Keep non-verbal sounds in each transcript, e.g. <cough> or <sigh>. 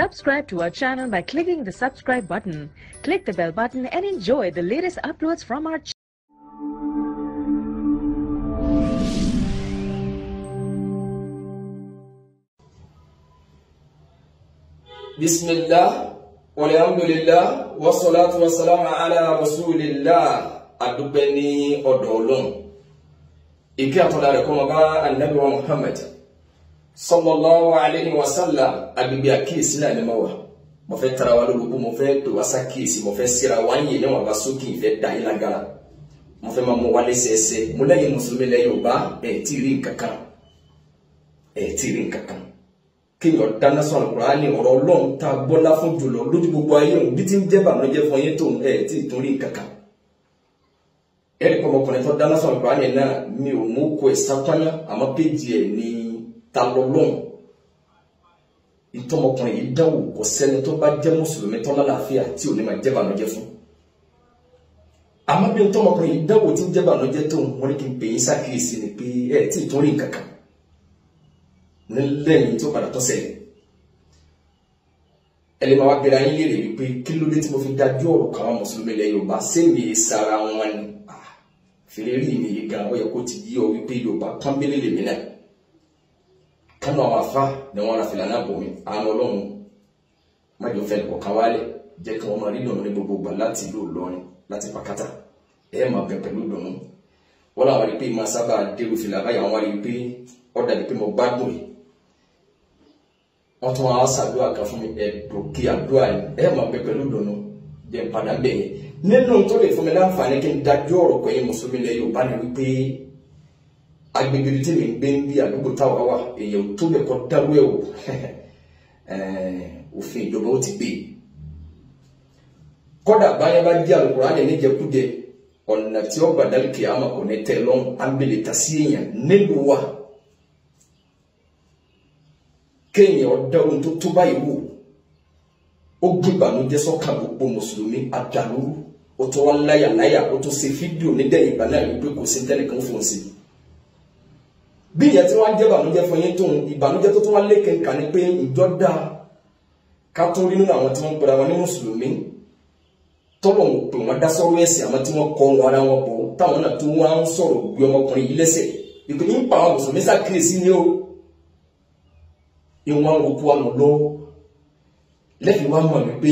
Subscribe to our channel by clicking the subscribe button. Click the bell button and enjoy the latest uploads from our channel. بسم الله والحمد لله والصلاة والسلام على رسول الله أدبني أدولون إكي أطلع لكم أبا النبي محمد sallallahu alayhi wa sallam agbègbè àkíyèsí náà ni mo mo fẹ́ tara wa lórúkú mo fẹ́ pè wá sákíyèsí mo fẹ́ síra wá ń yè ní wọn bá sókè ìfẹ́ da yín lágara mo fẹ́ máa mú wa lẹ́sẹẹsẹ mo lẹ́yìn mùsùlùmí lẹ́yìn ọba ẹ̀ tí ì rí nǹkan kan ẹ̀ tí ì rí nǹkan kan kéèyàn dáná sọ̀rọ̀ kúránì ọ̀rọ̀ ọlọ́run tá a gbọ́lá fún jùlọ lójú gbogbo ayé òun bí ti ń jẹ́ bànújẹ́ fún yín tó ń ẹ̀ tí ì tún rí nǹkan kan ẹ̀rí pọ̀ ọmọkùnrin tó dáná sọ̀rọ̀ kúránì náà mi ò mú kó ẹ̀ sápáyà àmọ́ péjì ẹ̀ ta lọ́lọ́run ìtọ́mọkùnrin yìí dánwò kò sẹ́ni tó bá jẹ́ mùsùlùmí tó lálàáfíà tí ò ní máa jẹ́ bànújẹ́ fún àmọ́ bí ìtọ́mọkùnrin yìí dánwò tí ń jẹ́ tó wọ́n ní kí n pè yín ni pé ẹ tí ì tún rí nǹkan kan ní lẹ́yìn tí ó padà tó ṣẹlẹ̀ ẹni máa wá gbéra yín léèrè wípé kí ló dé tí mo fi dájú ọ̀rọ̀ kan àwọn mùsùlùmí ilẹ̀ Yorùbá sẹ́mi sara wọn ni ah, fèrè rí mi yìí gan ó yẹ kó ti yí ọ wípé Yorùbá pọ́nbélé lèmi náà kánú àwọn afá ni wọn ra fìlà náà bò mí àánú ọlọ́run májò fẹ́ lọ́kọ̀ kan wálẹ̀ jẹ́ kí wọ́n máa rí ìdùnnú ní gbogbo ìgbà láti ìlú Ìlọrin láti Pàkátà ẹ máa bẹ pẹ̀lú ìdùnnú wọ́n làwọn rí pé máa sábà dérú fìlà báyà wọ́n rí pé ó dàbí pé mo gbádùn yìí wọ́n tún wá ṣàdúrà kan fún mi ẹ̀dùnkì àdúrà ẹ máa bẹ pẹ̀lú ìdùnnú jẹ́ padà bẹ̀yẹn nínú tó lè fún mi láǹfààní kí n dájú ọ̀rọ̀ pẹ̀yìn mùsùlùmí lẹ́yìn ò bá ní wípé agbègbè tí mi gbé ń bí àdúgbò táwa wà èèyàn tó bẹ̀ kọ́ dáwọ́ ẹ̀ wò <laughs> òfin ìjọba ó ti gbé e kọ́dà báyà bá di àlùkò ránì níjẹkújẹ ọ̀nà tí ó gbàdálì kìámà kò ní tẹ lọ́n abèlè ta sí èèyàn nílùú wa kéèyàn ọ̀dá ohun tó tó báyìí wò ó gbé ìbànújẹ́ sọ́kàn gbogbo mùsùlùmí àdàlúrú ó tó wá láyàláyà ó tó ṣe fídíò nídẹ̀yìn ìgbà náà kò sí tẹ́lẹ̀ kan fún un sí i bí ìyẹn tí wọ́n á jẹ́ ìbànújẹ́ fún yín tóun ìbànújẹ́ tó tún wá lékè nǹkan ni pé ìjọ dáa ká tún rí nínú àwọn tí wọ́n ń pera wọn ní mùsùlùmí tọ́lọ̀ ń pè wọ́n dá sọ́rọ́ ẹ̀sìn àwọn tí wọ́n kọ́ wọn ara wọn pọ̀ táwọn náà tún wá ń sọ̀rọ̀ gbé ọmọkùnrin yìí lẹ́sẹ̀ ìpè ní pa àwọn mùsùlùmí sàkíyèsí ni ó ìwọ̀n àwọn òkú àmọ̀ lọ lẹ́fì wá mọ̀ wípé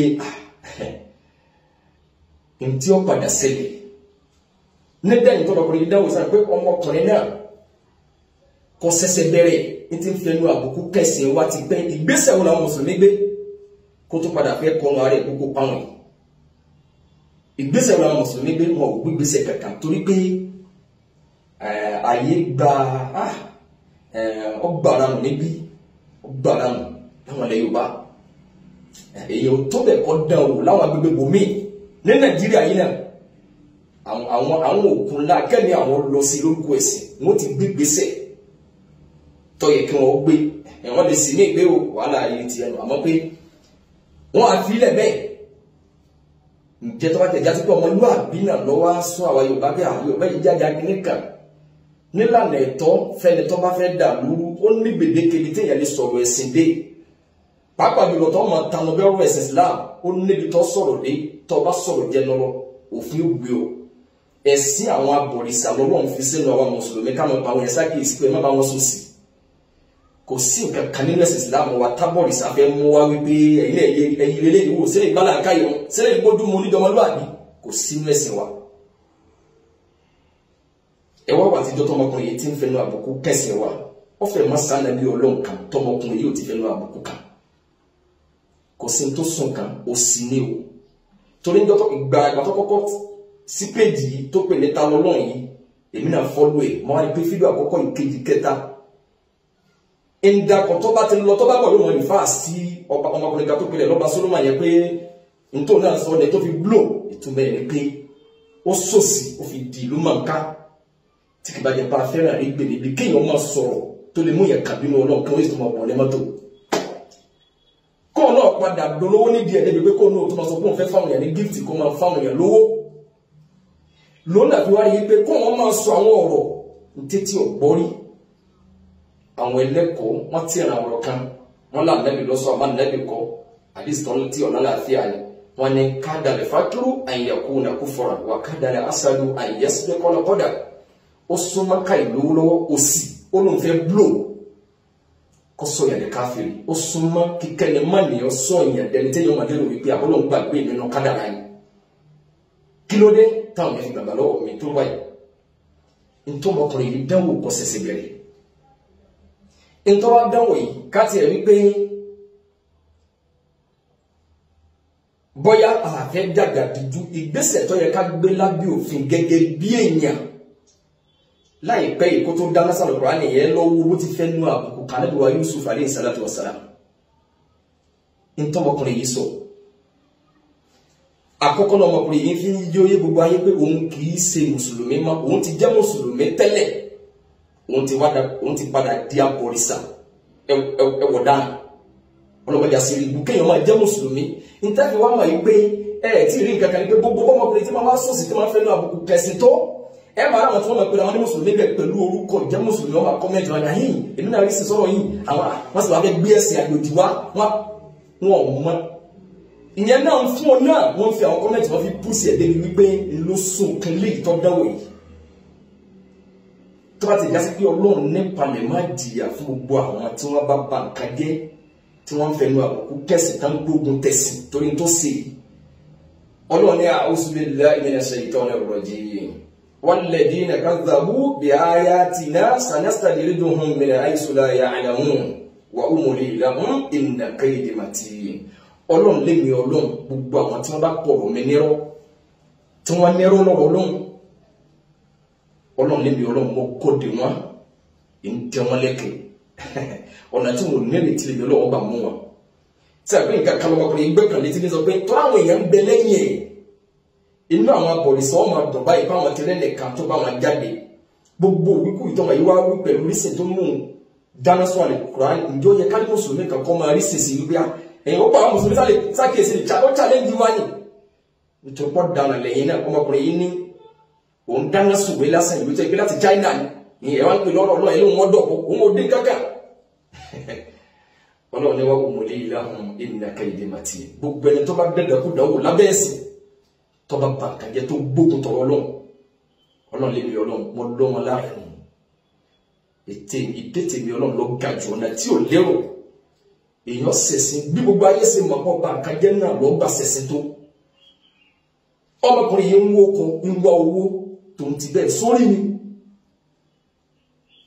ntí ó padà ṣẹlẹ̀ nígbà yìí tọ́lọ̀kùnrin yìí dáwọ́ sáré pé ọmọkùnrin náà kò ṣẹ̀ṣẹ̀ bẹ̀rẹ̀ ní ti ń fẹnu àbùkù kẹsìn wa ti pẹ́ ìgbésẹ̀ wo làwọn mùsùlùmí gbé kó tó padà fẹ́ kọrun ààrẹ kókó páwọn ìgbésẹ̀ wo làwọn mùsùlùmí gbé wọn ò gbégbésẹ̀ kankan torí pé ààyè eh, gba ọgbàranù ah, eh, níbí ọgbàranù láwọn ilẹ̀ Yorùbá eh, èyàn tó bẹ̀ kọ́ dán o láwọn agbègbè bòmíì ní Nàìjíríà yìí náà àwọn òkun ńlá kẹ́ni àwọn lọ sí lórúkọ ẹ̀sìn wọ́n ti gbégbésẹ̀ tó yẹ kí wọ́n gbé ẹ̀wọ́n lè sì ní ìgbé o wàhálà ayé ti ẹnu àmọ́ pé wọ́n á fi ilẹ̀ bẹ́ẹ̀ ǹjẹ́ tó bá tẹ̀ jásí pé ọmọlúwàbí náà lọ́wọ́ á sún àwa Yorùbá bí àwọn Yorùbá yìí jáde akíní kan nílànà ẹ̀tọ́ fẹ́ni tó bá fẹ́ dà lúrú ó ní gbèdéke ibi téèyàn lè sọ̀rọ̀ ẹ̀sìn dé pàápàá jùlọ tó máa tanu bẹ́ẹ̀ ọ̀rọ̀ ẹ̀sìn Islam ó níbi tó sọ̀rọ̀ dé tó bá sọ̀rọ̀ jẹ́ lọ́rọ̀ òfin ó gbé o ẹ̀sìn àwọn abọ̀rìṣà lọ́wọ́ ń fi sínú àwa mùsùlùmí káwọn pa àwọn ẹ̀sà kìí sí pé má bá wọn sùn sí kò sí nǹkan kan nínú ẹ̀sìn islam wa tábọ̀rì sáfẹ́ mú wa wípé ẹ̀yin ẹ̀yin lè léyìí wò sílẹ̀ ìgbàlá káyọ̀ wọn sílẹ̀ ìgbójú mu onídọ́mọlúwàbí kò sí nínú ẹ̀sìn wa. ẹ wá wà tíjọ́ tọmọkùnrin yìí ti ń fẹnu àbùkù kẹsìn wa ó fẹ́ má sáànà bí ọlọ́run kan tọmọkùnrin yìí ò ti fẹnu àbùkù kan kò sí tó sùn kan ó sì ní o torí ìjọ ìgbà ìgbà tó sí péjì yìí tó pè ní ta yìí èmi náà fọ́lú ndakọ̀ tó bá ti lọ tó bá bọ̀ yóò mọ ìfà sí ọba ọmọkùnrin kan tó pilẹ̀ lọ́ba Solomon yẹn pé ntò náà sọ ọ́ dẹ̀ tó fi blow ìtumọ̀ ẹ̀ ni pé ó sòsì ó fi di ìlú mọ̀ọ́ká tí kì bá jẹ́ pa fẹ́ràn rí gbèrè bí kéèyàn máa sọ̀rọ̀ tó lè mú yẹn kàbínú ọlọ́run kan ó sì tó máa wọ̀ ní mọ́tò kóun náà padà dolówó nídìí ẹ̀ débi pé kóun náà tó máa sọ pé òun fẹ́ fáwọn èèyàn ní gíftì kó máa fáwọn èèyàn lówó lónà fi wá rí i pé kóun máa sọ àwọn ọ̀rọ̀ ní tétí ọ̀gbọ́rí àwọn ẹlẹ́kọ̀ọ́ wọ́n ti ràn ọ̀rọ̀ kan wọ́n là nẹ́bí lọ́sọ̀ àmọ́ nẹ́bí kọ́ àdìsí tó ń tí ọ̀nà láàfíà ni wọ́n ní kádàlẹ̀ fàtúrú àyẹ̀kú nà kú fọ̀rọ̀ wà kádàlẹ̀ asadu àyẹ̀sílẹ̀ kọ́lọ́kọ́dà ó súnmọ́ ká ìlú lọ́wọ́ òsì ó lóun fẹ́ bló kó sọ̀yàn ní káfíìrì ó súnmọ́ kíkẹ́ ni má nìyàn sọ̀yàn dẹni tẹ́yìn ọmọdé rò ntọ́ wa dánwò yìí ká tiẹ̀ wípé bóyá àfẹ́ dàgbà dídú ìgbésẹ̀ tó yẹ ká gbé lábẹ́ òfin gẹ́gẹ́ bí èèyàn láìpẹ́ yìí kó tó dáná sàlọ̀ kúránì yẹn lọ́wọ́ bó ti fẹ́ nu àbùkù kálẹ́bí wa Yusuf aleyhi salatu wa salam ntọ́mọkùnrin yìí sọ àkọ́kọ́ náà ọmọkùnrin yìí fi ń yóyé gbogbo ayé pé òun kì í ṣe mùsùlùmí mọ́ òun ti jẹ́ mùsùlùmí tẹ́lẹ̀ òun ti wádà òun ti padà di abọ̀rìṣà ẹwọ̀ dáa ọlọ́mọdé àṣírí ìlú kéèyàn máa jẹ́ mùsùlùmí nítorí wàá mọ̀ yìí pé ẹ ẹ̀ tí ì rí nǹkan kan ní pé gbogbo ọmọkùnrin tí máa wá sọ̀sì tí máa fẹ́ lọ àbùkù pẹ̀sìn tó ẹ máa ráwọn tí wọ́n máa pe àwọn ní mùsùlùmí bẹ̀ pẹ̀lú orúkọ ìjẹ́ mùsùlùmí wọn máa kọ́mẹ́ntì wọn yìí èmi náà rí sí sọ̀rọ̀ yìí àwọn wọ́n sì wá fẹ́ gbé ẹ̀sìn àjòjì wá wọn ò mọ ìyẹn náà fún ọ náà wọ́n fi àwọn kọ́mẹ́ntì wọn fi pùsì ẹ̀ débi wípé lóṣù kan léyìí yìí tó bá ti já sí pé ọlọ́run nípa lè má jìyà fún gbogbo àwọn tí wọ́n bá ba nǹkan jẹ́ tí wọ́n ń fẹnu àbùkù kẹ́sì tán gbógun tẹ̀sí torí tó ṣe ọlọ́run ní a'udhu billahi minash shaitonir rajim walladhina kadhabu bi ayatina sanastadrijuhum min haythu la ya'lamun wa umli lahum inna kaydi matin ọlọ́run lémi ọlọ́run gbogbo àwọn tí wọ́n bá pọ̀rọ̀ mi nírọ́ tí wọ́n nírọ́ lọ́wọ́ ọlọ́run ọlọ́run lébi ọlọ́run mo kóde wọn ntẹ wọn lẹ́kẹ̀ ọ̀nà tí mo nẹ́rẹ̀ tí lébi ọlọ́run bá mú wọn tí a gbé nǹkan kan lọ́wọ́ kọ́ni ìgbẹ́ kan létí ní sọ pé tó àwọn èèyàn ń bẹ lẹ́yìn ẹ̀ inú àwọn abọ̀rìṣọ́ ọmọ àdùn báyìí bá wọn ti rẹ́nẹ̀ kan tó bá wọn jáde gbogbo wíkú ìtọ́mọ̀ yìí wá wí pẹ̀lú rísìn tó mú dáná sọ àlè Kùránì ǹjẹ́ ó yẹ ká ní mùsùlùmí kan kọ́ máa rísìn sí wípé ẹ̀yìn ó pa àwọn mùsùlùmí sákèsí ó challenge wá ní nítorí pọ́ dáná lẹ́yìn náà ọmọkùnrin yìí ní òun dáná sùwé lásán ìlú tó yẹ pé láti China ni ẹ wá ń pè lọ́rọ̀ ọlọ́run ẹ ló ń wọ́n dọ̀kọ́ òun ò dé kákà <laughs> ọlọ́run ni wọ́n wò mọ́lé yìí láhùn ìnìyàkẹ́ ìdè màtí gbogbo ẹni tó bá dẹ̀dẹ̀ kú dánwò lábẹ́ ẹ̀sìn tó bá bà kàjẹ́ tó gbógun tọ̀rọ̀ ọlọ́run ọlọ́run lè mi ọlọ́run mọ́ lọ́wọ́ láàrin ètè ìdètè mi ọlọ́run lọ ga jù ọ̀nà tí ò lérò èèyàn ṣẹ̀sìn bí gbogbo ayé ṣe mọ̀ pọ̀ bà kàjẹ́ náà lọ́ gbà ṣẹ̀sìn tó ọmọkùnrin yìí ń wó oko ń wá owó tòun ti bẹ́ẹ̀ sórí mi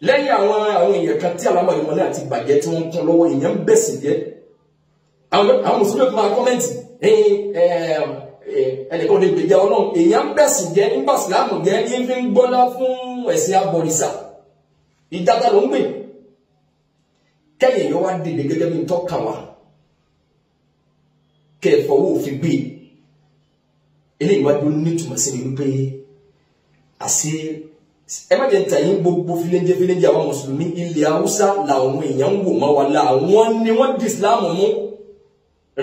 lẹ́yìn àwọn àwọn èèyàn kan tí àlámà yìí wọn náà ti bàjẹ́ tí wọ́n ń kún lọ́wọ́ èèyàn ń bẹ̀sì jẹ́ àwọn mùsùlùmí máa kọ́mẹ́ǹtì ẹnìkan lè gbèjà ọlọ́run èèyàn ń bẹ̀sì jẹ́ nígbà sílámù jẹ́ ní fi ń gbọ́lá fún ẹ̀sìn abọ̀rìṣà ìdájọ́ ló ń gbè kẹ́yìn yóò wá dìde gẹ́gẹ́ bí n tọ́ kà wá kẹ́ ẹ̀ fọwọ́ òfin gbé eléyìí wájú nítumọ̀ sí ni wípé àṣe ẹ má jẹ́ ń tàyín gbogbo filenje filenje àwọn mùsùlùmí ilẹ̀ haúsá làwọn èèyàn ń wò mọ́ wa la àwọn ni wọ́n di islam mú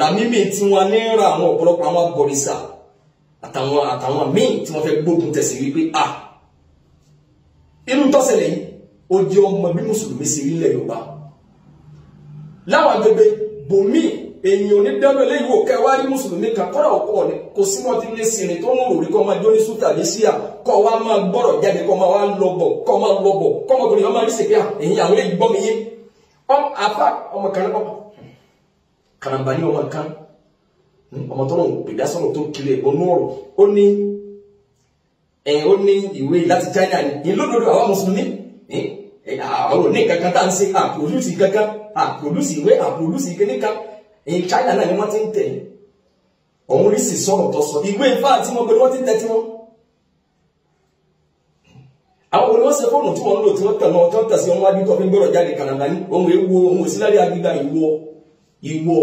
ràmímì tí wọ́n ní ra àwọn ọ̀pọ̀lọpọ̀ àwọn abọ̀rìṣà àtàwọn àtàwọn míì tí wọ́n fẹ́ gbógun tẹ̀sí wípé a inú tọ́sẹ̀lẹ̀ yìí ó jẹ́ ọmọ bí mùsùlùmí sí ilẹ̀ yorùbá láwọn agbègbè bòmíì èyàn onídẹ́nu eléyìí wò kẹwàá rí mùsùlùmí kan kọ́ra ọ̀pọ̀ ni kò sí mọ́tí lé sinmi tó ń rò rí kọ́ máa jó ní ní síyà kọ́ wa máa gbọ́rọ̀ jáde kọ́ máa wá lọ bọ̀ kọ́ máa lọ bọ̀ kọ́ máa tóbi máa rí sèpé à ah, èyí àwọn eléyìí gbọ́ mi yé àfa ọmọ kan ọmọ kàràǹbà ní ọmọ kan hmm, ọmọ tó náà gbèdá sọ̀rọ̀ tó kiri ẹ̀gbọ́n ọ̀rọ̀ ó ní ẹ̀yìn ó ní ìwé láti China ní lódodo àwa mùsùlùmí àwọn òní kankan tá à ń ṣe àpòlùsì kankan àpòlùsì ìwé àpòlùsì kankan ẹ̀yìn China náà ni wọ́n ti ń tẹ̀ ọ̀hún rí sì sọ̀rọ̀ tó sọ ìwé ìfáà tí wọ́n gbé wọ́n ti ń tẹ̀ tí wọ́n àwọn ni wọ́n ṣe fóònù tí wọ́n ń lò tí wọ́n tẹ̀ mọ́ tí wọ́n tẹ̀ sí wọn wájú tó fi ń gbọ́dọ̀ jáde kànáńgá ní ohun èèwọ̀ ohun òsínlẹ̀ àgbígbà ìwọ ìwọ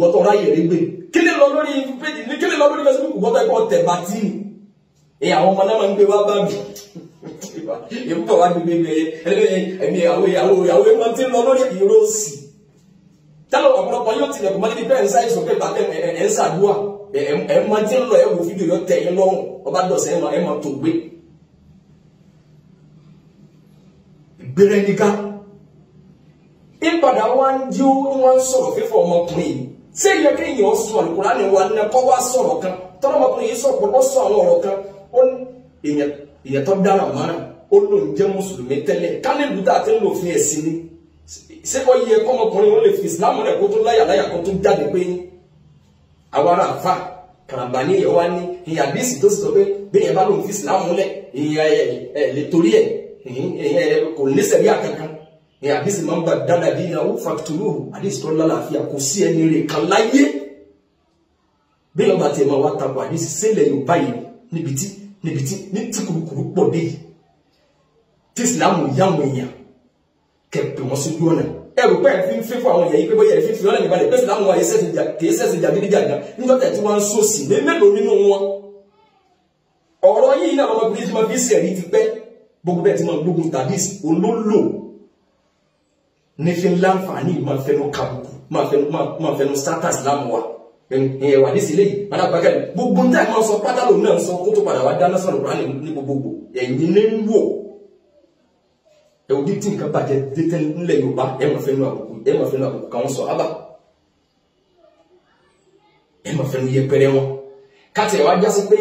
wọ́tọ̀ ráyè rí gbé kí lè lọ lórí péjì ní kí lè lọ lórí Facebook wọ́tọ̀ ẹ̀kọ́ tẹ̀ bá tí ẹ àwọn ọmọ náà máa ń gbé wá bá mi èmi bọ̀ wá gbé gbé ẹ̀mí àwọn ìyàwó ìyàwó ẹ̀ máa ti lọ lórí ìró òsì tẹ́lẹ̀ ọ̀pọ̀lọpọ̀ yóò tilẹ̀ kó máa ní bẹ́ẹ̀ ń sáyé sọ̀kẹ́ bá tẹ̀ ẹ̀ ń sàdúrà ẹ̀ máa ti lọ ẹ̀ wò fídíò yọ tẹ̀ yín lọ́rùn ọba dọ̀sẹ̀ ẹ̀ máa tó gbé gbéra ẹni ká ìpadà wa ń jí ó ń wá ń sọ̀rọ̀ fífọ̀ ọmọkùnrin yìí ṣé yẹ kí èèyàn sọ àlùkùránì wa ní kọ́ wá sọ̀rọ̀ kan tọ́lá ọmọkùnrin yìí sọ̀pọ̀ ó sọ àwọn ọ̀rọ̀ kan ó ní èèyàn tó dára mọ́ra ó lóun jẹ́ mùsùlùmí tẹ́lẹ̀ kálílù tá a ti ń lò fún ẹ̀sìn ni ṣé ó yẹ kọ́mọkùnrin ó lè fi ìsìlámù rẹ̀ kó tó láyà láyà kó tó jáde pé àwọn ará àfa kàràmbà ní ìyẹn wá kò lẹ́sẹ̀ rí àkankan àdìsí máa ń gba dáadáa ìyàwó fàtúrò àdìsí tó lálàáfíà kò sí ẹni rè kan láyé bí lọ́ba tiẹ̀ máa wá takò àdìsí sílẹ̀ Yorùbá yìí níbi tí níbi tí ní tí kùrùkùrù pọ̀ dé yìí tí Ìsìlámù yá àwọn èèyàn kẹpẹ wọn sójú ọ̀nà ẹrù pẹ́ fi ń fẹ́ fún àwọn èèyàn yìí pé bóyá ẹ̀fín fi ọ̀nà ìbàdàn pé Ìsìlámù wa kìí sẹ̀sìn jàgídíjàgan nígbà tí wọ́n ń sòsì mélòó nínú wọn ọ̀rọ̀ yìí náà ọmọbìnrin ti máa fi ń sẹ̀rí ti pẹ́ gbogbo bẹ́ẹ̀ tí máa gbógun tàbísì olólò ní fi ń láǹfààní máa fẹnu kàbùkù máa fẹnu máa fẹnu sátàs láàmú wa ẹ̀yẹ̀ wà nísìlẹ̀ yìí alábàákà yìí gbogbo ní táyà máa sọ pátá lòun náà sọ kó tó padà wá dáná sọ̀rọ̀ kúránì ní gbogbogbò ẹ̀yìn ní ń wò ẹ̀wù dí tí nǹkan bàjẹ́ dé tẹ́ Yorùbá ẹ̀ máa fẹnu àbùkù ẹ̀ máa fẹnu àbùkù káwọn sọ ábà ẹ̀ máa fẹnu yẹpẹrẹ wọn káàtì ẹ̀ wá jásí pé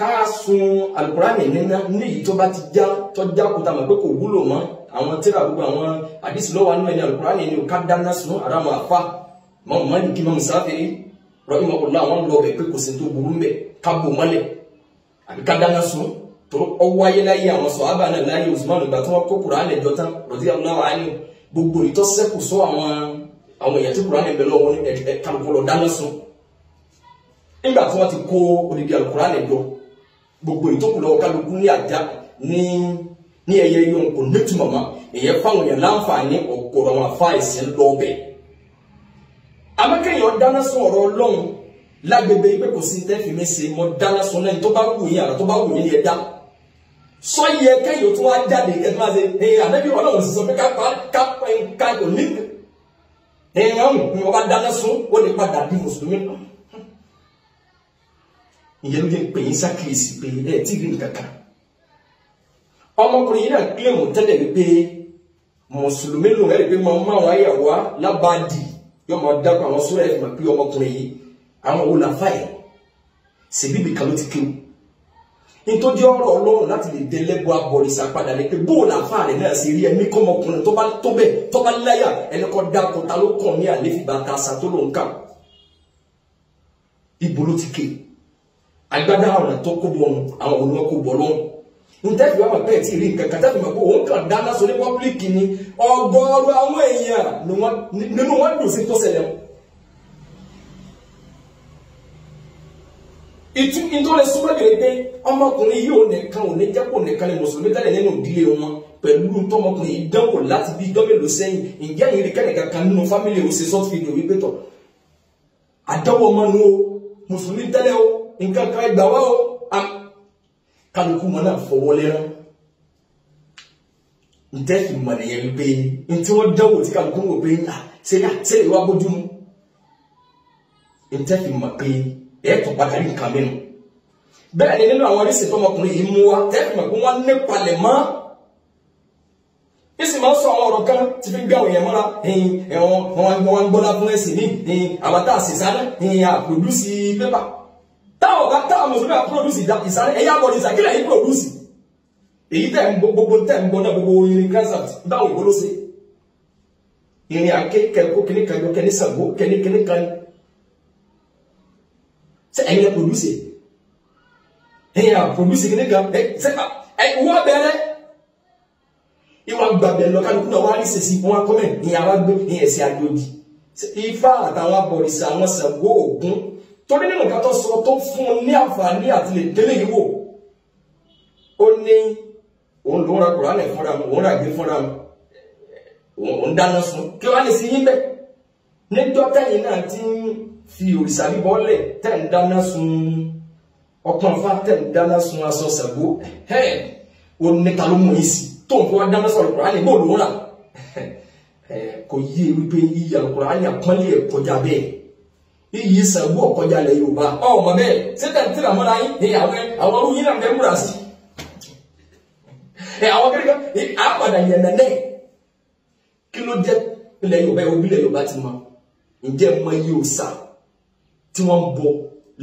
ká sun alukurani nínú níyìí tó bá ti já tó já kuta mọ̀ pé kò wúlò mọ́ àwọn tíra gbogbo àwọn àdìsí nínú ẹni alukurani ni ká dáná sun aramu afa mọ̀mọ́ mọ́ni kí mọ̀mọ́ sáfìrí rọ́ìmọ̀ ọ̀la àwọn lọ bẹ̀ pé kò sí tó burú mbẹ̀ ká bò mọ́lẹ̀ àbí ká dáná sun tó ọwọ́ ayé láyé àwọn sọ ábà náà láyé Usman ìgbà tó wọn kó kuran ẹjọ tán rọdí aláwọ ayé gbogbo ìtọ́sẹ́kù sọ àwọn àwọn èèyàn tí kuran ẹbẹ lọ́wọ́ ní ẹ̀ka lọ́dáná sun nígbà tí wọ́n ti kó odidi alukurani jọ gbogbo ìtòkù lọ́wọ́ kálukú ní àjà ní ní ẹyẹ yóò kò nítumọ̀ mọ́ ìyẹn fáwọn yẹn láǹfààní ọ̀gọ̀rọ̀ àwọn afá ẹ̀sìn lọ́ọ̀bẹ̀. amákẹ́yìn ọ̀dáná sun ọ̀rọ̀ ọlọ́run lágbègbè pé kò sí tẹ́fì mi sí mọ́ dáná sun náà tó bá wù yín àná tó bá wù yín ni ẹ dá. sọ yẹ kẹ́yìn tó wá jáde ẹ máa ṣe ẹ ànábì ọlọ́run sì sọ pé kápá kápá ẹ ká ẹ ẹ ọ̀hún ni wọ́n bá dáná sun ó lè padà bí mùsùlùmí ìyẹn ló fi ń pè yín sákìlìsì pé ilé ẹ̀ tí ìrìn kankan ọmọkùnrin yìí náà kílèmù tẹ́lẹ̀ wípé mùsùlùmí lòun ẹ̀rí pé máa ń máwọn àyàwó wa lábàádì yóò máa dákọ̀ àwọn sórí ẹ̀rí máa pé ọmọkùnrin yìí àwọn wo làáfà ẹ̀ sèbíbi kan ló ti kéwù nítorí ọ̀rọ̀ ọlọ́run láti lè délẹ́gbọ́ abọ̀rìṣà padà ní pé bóò làáfà rẹ̀ náà ṣe rí ẹ̀mí kọ́mọkùnrin tó bá tó bẹ́ẹ̀ tó bá láyà ẹnìkan dákọ̀ ta ló kàn ní àléfìgbà ta sa tó lòun kà ibo ló ti kéwù agbádá ọ̀nà tó kó bọ̀ ọ̀hún àwọn olùwọ́ kó bọ̀ lọ́hùn ntẹ́fì wà wọ́n bẹ́ẹ̀ tí rí nǹkan kan tẹ́fì mọ̀ pé òun kàn dáná sórí pọ́blíkì ni ọgọ́rùú àwọn èèyàn nínú wọn dùn sí tó ṣẹlẹ̀ wọn. ìtú ìtọ́lẹ̀ súnmọ́dé pé ọmọkùnrin yìí ò nìkan ò ní jẹ́pọ̀ nìkan ni mùsùlùmí tẹ́lẹ̀ nínú ìdílé wọn pẹ̀lú tọmọkùnrin yìí dánwò láti bí ijọ́ mélòó sẹ́yìn ìjẹ́ yìí rí kẹ́nìkan kan nínú fámìlì òsè sọ́ọ̀tì fídíò wípé tọ̀ àdánwò ọmọ nu o mùsùlùmí tẹ́lẹ̀ o nǹkan kan ẹgbà wá o kálukú mọ náà fọwọ́lé rán ntẹ́ fi mọ̀ nìyẹn wípé ntí wọ́n dáwò tí kálukú wò pé ńlá sẹ́yà sẹ́yà ìwà bójú mu ntẹ́ fi mọ̀ pé ẹ̀ tó pàtàkì nǹkan mẹ́nu bẹ́ẹ̀ ni nínú àwọn oríṣi tọmọkùnrin yìí mú wa tẹ́ fi mọ̀ pé wọ́n nípa lẹ̀ mọ́ isi máa ń sọ àwọn ọ̀rọ̀ kan tí fi ń gbé àwọn èèyàn wọn gbọ́dá fún ẹ̀sìn ní àwọn tá a sì sáré àpòdúsí pépà táwọn ọ̀gá táwọn mùsùlùmí à pọ́dúsì ìsàlẹ̀ ẹ̀yà bọ̀ nìsà kílẹ̀ yìí pọ́dúsì èyí tẹ̀ ń gbogbo tẹ̀ ń gbọ́ náà gbogbo irin crescent dáhùn ìwọ́lọ́ sí irin àké kẹ́kọ́ kíní kan yọ kẹ́ní sàgbó kẹ́ní kíní kan sẹ ẹ̀yin yẹ pọ́dúsì ẹ̀yin yà pọ́dúsì kíní kan ẹ̀ sẹ́ ẹ̀ wọ́n bẹ̀rẹ̀ ìwà gbàgbẹ́ lọ kálukú náà wọ́n á ní sèṣì wọn á kọ́mẹ̀ ìyàwó gbé ìyẹ̀sì àjòjì ifá àtàwọn abọ̀rìṣà àwọn sàgbó ògún torí nínú nǹkan tó sọ tó fún un ní àǹfààní àti lè délé yìí wò ó ní òun ló ń ra kùránì fúnra mu òun ràgbé fúnra mu òun dáná sun kí wàá lè sí yín bẹ́ẹ̀ níjọ́ tẹ́yìn náà ti ń fi òrìṣà bíbọ́ lẹ̀ tẹ̀ ń dáná sun ọpọ́n fa tẹ̀ ń dáná sun aṣọ ṣàgbó ó ní ta ló mú yín sí tó ń kó wá dáná sọ̀rọ̀ kùránì bó ló ń rà kò yí ewé pé yíyà kùránì àpọ́nlé ẹ̀ kọjá bẹ́ẹ̀ iyì Ṣàngó ọ̀kọjá ilẹ̀ Yorùbá ọmọ bẹ́ẹ̀ sẹ́tẹ̀ tí ra mọ́ra yín ní àwọn àwọn ọrùn yín náà fẹ́ múra sí ẹ àwọn kẹ́kẹ́ àpàdà yẹn nẹ́nẹ́ kí ló jẹ́ ilẹ̀ Yorùbá obi ilẹ̀ Yorùbá ti mọ ǹjẹ́ mọ iye òòṣà tí wọ́n ń bọ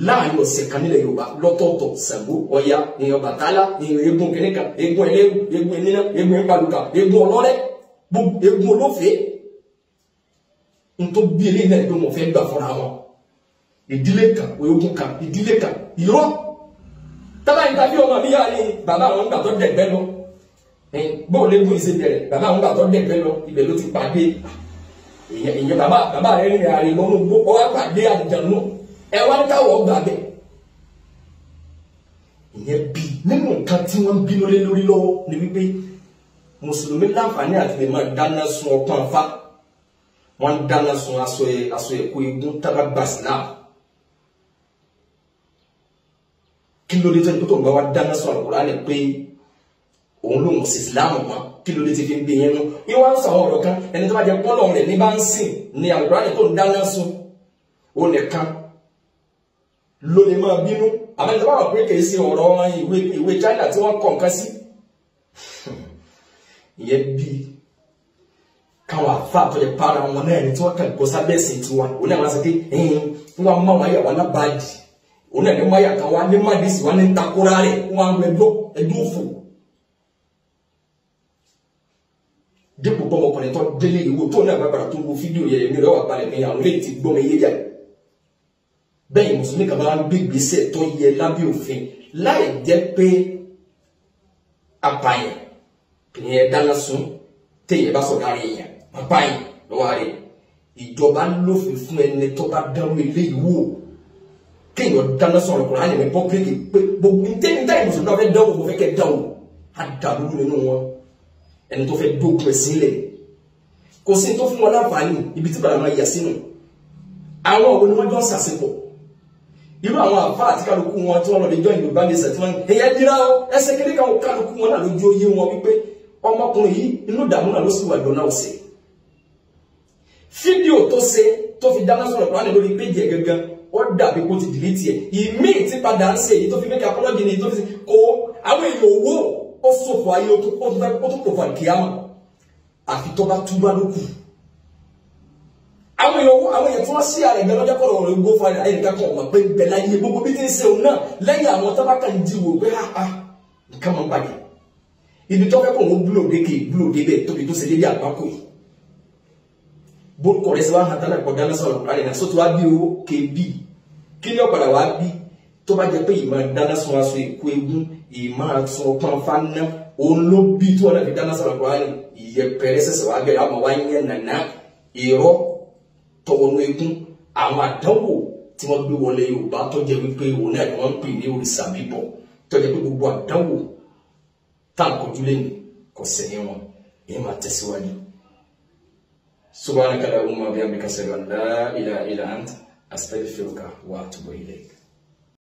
láàrin ọ̀sẹ̀ kan nílẹ̀ Yorùbá lọ́tọ̀ọ̀tọ̀ Ṣàngó Ọya èèyàn Bàtálá eégún kìnìkan eégún ẹlẹ́rú eégún ẹnìyàn eégún ẹgbàlùkà eégún ọlọ́rẹ́ eégún olófèé n tó bí eléyìí náà ló mọ̀ fẹ́ gbà fúnra wọn ìdílé kan ogun kan ìdílé kan irọ́ tábà yìí tàbí ọmọ mi yá ni bàbá àwọn ń gbà tó dẹ̀gbẹ́ lọ bóun lé gbóyè sí bẹ̀rẹ̀ bàbá àwọn ń gbà tó dẹ̀gbẹ́ lọ ibẹ̀ ló ti pàdé ìyẹn bàbá bàbá rẹ̀ rìnrìn àrè mọ́nú gbó ọwọ́ pàdé àdìjànú ẹ wá ń káwọ́ gbà bẹ́ẹ̀ ìyẹn bí nínú nǹkan tí wọ́n ń bínú lé lórí lọ́wọ́ ni wípé mùsùlùmí láǹfààní àti lè máa dáná sun ọpọ́n afá wọ́n dáná sun aṣọ ẹ̀kọ́ igun tábà gbàsílámù kí ló dé tó ń tó ń bá wa dáná sọ àlùkùránì pé òun lòun sì láàmù mọ́ kí ló dé ti fi ń gbé yẹn nú wíwá ń sọ àwọn ọ̀rọ̀ kan ẹni tó bá jẹ pọ́nlọ̀ rẹ̀ ní bá ń sìn ní àlùkùránì tó ń dáná sun òun nìkan ló lè máa bínú àbẹ́ni tó bá rọ̀ pé kì í ṣe ọ̀rọ̀ ìwé China tí wọ́n kọ̀ nǹkan sí <laughs> ìyẹn bíi káwọn afa àtọ̀jẹ̀ para wọn náà ẹni tí wọ́n kàn kó sábẹ́sì tiwa òun náà wọ́n á sọ pé ẹ̀yìn wọ́n á mọ àwọn ayé àwọn alábàájì òun náà ní mayaka wa ní madisi wa ní ntakora rẹ̀ wọn àwọn ẹdó ẹdó fò dípò bọ́mọkùnrin tó délé ìwò tó náà bàbàrà tó wo fídíò yẹ èmi rẹ̀ wà balẹ̀ mi àwọn eléyìí ti gbọ́ mi yé jà bẹ́ẹ̀ mùsùlùmí kan máa ń gbé gbèsè tó yẹ lábẹ́ òfin láì jẹ́ pé apààyàn kìnìyàn dáná sun téèyàn bá sọ̀rọ̀ àárín èèyàn apààyàn lọ́wọ́ rẹ̀ ìjọba lófin fún ẹni tó bá dánwó eléyìí wò kéèyàn dáná sọ̀rọ̀ kùnà á lè mẹ́bọ́ bíréèkì pé gbogbo ntẹ́ni dá ìmọ̀sán náà fẹ́ dánwò mo fẹ́ kẹ́ dánwò á dàlúrú nínú wọn ẹni tó fẹ́ dógun ẹ̀ sílẹ̀ kò sí tó fún wọn láǹfààní ibi tí bàrà máa yà sínú àwọn òwe ni wọ́n jọ ń sàṣepọ̀ irú àwọn àfa àti kálukú wọn tí wọ́n lọ lè jọ ìlú bánisẹ̀ tí wọ́n ń ẹ̀yà dira ẹsẹ̀ kékeré kan kálukú wọn náà lójú oyé wọn wípé ọmọkùnrin yìí inú ìdààmú náà ló sì wà lọ́nà ọ̀sẹ̀ fídíò tó ṣe tó fi dáná sọ̀rọ̀ kúránì lórí péjì ẹ̀ gangan ó dàbí kó ti dìlítì ẹ̀ ìmí ti padà ń ṣe èyí tó fi mẹ́kà apology ni èyí tó fi ṣe kó àwọn èèyàn owó ó ṣòfò ayé ó tún pòfò àkíyàmọ̀ àfi tó bá túbá ló kù àwọn èèyàn owó àwọn èèyàn tí wọ́n ṣí àrẹ̀ gan lọ́jọ́ kọ̀ọ̀rọ̀ rẹ̀ gbó fún ẹnìkan kan ọ̀mọ̀ pé bẹ̀ láyé gbogbo bí ti ń ṣe òun náà lẹ́yìn àwọn tó bá kàn ń diwò pé hápá ah, ah, nǹkan máa ń bàjẹ́ ibi tó fẹ́ kó bórúkọ rẹ̀ sí wá hàn tánà kọjá lọ́sàn ọ̀rọ̀ rẹ̀ náà sọ́tún wá bí owó kébì kí ni ọ̀padà wá bí tó bá jẹ́ pé ìmọ̀ dáná sun aṣọ èkó egun ìmọ̀ sun ọpọ́n fáná òun ló bí tí wọ́n náà fi dáná sun ọ̀rọ̀ rẹ̀ ìyẹpẹrẹ sẹ̀sẹ̀ wá bẹ̀rẹ̀ àmọ́ wá yẹn nàná ìrọ́ egun àwọn àdánwò tí wọ́n gbé wọlé Yorùbá tó jẹ́ wípé òun náà ni wọ́n ń pè ní òrìṣà bíbọ̀ tó jẹ́ pé gbogbo àdánwò táǹkójú lẹ́yìn kò sẹ́yìn wọn ìyẹn máa tẹ̀síwájú. سبحانك اللهم وبحمدك أشهد أن لا إله إلا أنت أستغفرك وأتوب إليك